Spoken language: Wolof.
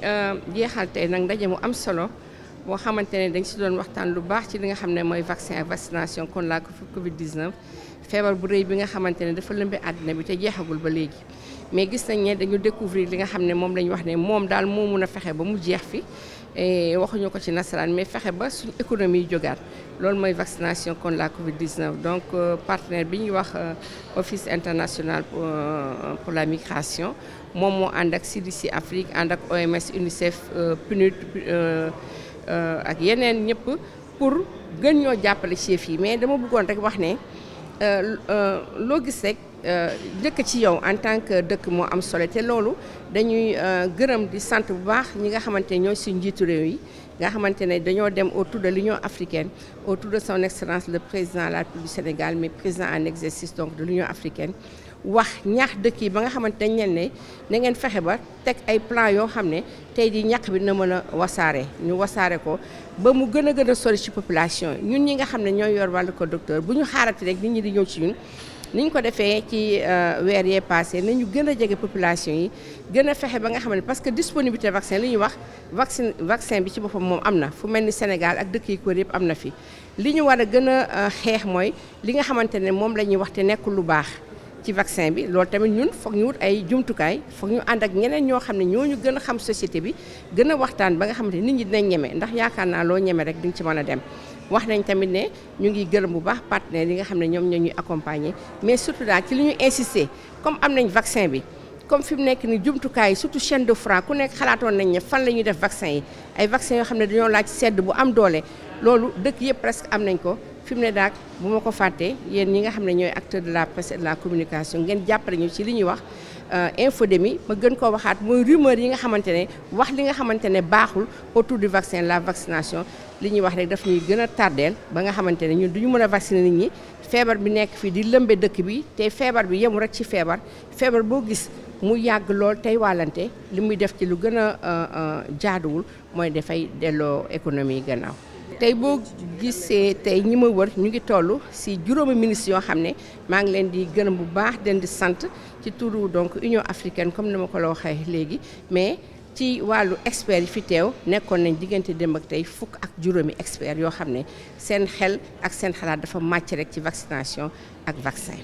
Euh, jeexal tey nag ndaje mu am solo boo xamante ne dañ si doon waxtaan lu baax ci li nga xam ne mooy vaccin ak vaccination kon la Covid 19 feebar bu rëy bi nga xamante ne dafa lëmbe àddina bi te jeexagul ba léegi. mais gis nañ ne dañu découvrir li nga xam ne moom la wax ne moom daal moo mun a fexe ba mu jeex fi waxuñu ko ci nasaraan mais fexe ba suñu économie jógaat loolu mooy vaccination contre la Covid 19 donc euh, partenaire bi ñuy wax euh, office international euh, pour la migration moom moo ànd ak CDC Afrique ànd ak OMS UNICEF PNUD ak yeneen ñëpp pour gën ñoo jàppale chef yi mais dama buggoon rek wax ne loo gis rek. dëkk euh, ci yow en tant que dëkk moo am solo te loolu dañuy euh, gërëm di sant bu baax ñi nga xamante ne ñooy suñu njiitu réew yi nga xamante ne dañoo dem autour de l'Union africaine autour de son excellence le président la République du Sénégal mais président en exercice donc de l'Union africaine wax ñaax dëkk yi ba nga xamante dañ leen ne na ngeen fexe ba teg ay plan yoo xam ne tey di ñaq bi na mën a wasaare ñu wasaare ko ba mu gën a gën a ci population ñun ñi nga xam ne ñooy yor wàllu ko docteur bu ñu xaarati rek nit ñi di ñëw ci ñun ni ñu ko defee ci euh, weer yee passé nañu gën a jege population yi gën a fexe ba nga xam ne parce que disponibilité vaccin li ñuy wax vaccin vaccin bi ci boppam moom am na fu mel ni Sénégal ak dëkk yi ko yëpp am na fi li ñu war a gën a euh, xeex mooy li nga xamante ne moom la ñuy wax te nekkul lu baax ci vaccin bi loolu tamit ñun foog ñu wut ay jumtukaay foog ñu ànd ak ñeneen ñoo xam ne ñoo ñu gën a xam société bi gën a waxtaan ba nga xamante nit ñi dinañ ñeme ndax yaakaar naa loo ñeme rek duñ ci mën a dem wax nañ tamit ne ñu ngi gërëm bu baax partenaires yi nga xam ne ñoom ñoo ñuy accompagner mais surtout daal ci li ñu insister comme am nañ vaccin bi comme fi mu nekk ni jumtukaay yi surtout chaîne de froid ku nekk xalaatoon nañ ne fan la ñuy def vaccin yi ay vaccin yoo xam ne dañoo laaj sedd bu am doole loolu dëkk yëpp presque am nañ ko fi mu ne daal bu ma ko fàttee yéen ñi nga xam ne ñooy acteur de la presse et de la communication ngeen jàppale ñu ci li ñuy wax Euh, mi ma gën koo waxaat mooy rumeur yi nga xamante ne wax li nga xamante ne baaxul autour de vaccin la vaccination li ñuy wax rek daf ñuy gën a tardeel ba nga xamante ne ñun duñu mën a vacciner nit ñi feebar bi nekk fii di lëmbee dëkk bi te feebar bi yemul rek ci feebar feebar boo gis mu yàgg lool tey wàllante li muy def ci lu gën a euh, euh, jaaduwul mooy dafay delloo économie gannaaw tey boo gisee tey ñi ma wër ñu ngi toll si juróomi ministre yoo xam ne maa ngi leen di gërëm bu baax den di sant ci turu donc Union africaine comme ni ma ko la waxee léegi mais ci wàllu expert yi fi teew nekkoon nañ diggante démb ak tey fukk ak juróomi expert yoo xam ne seen xel ak seen xalaat dafa màcc rek ci vaccination ak vaccin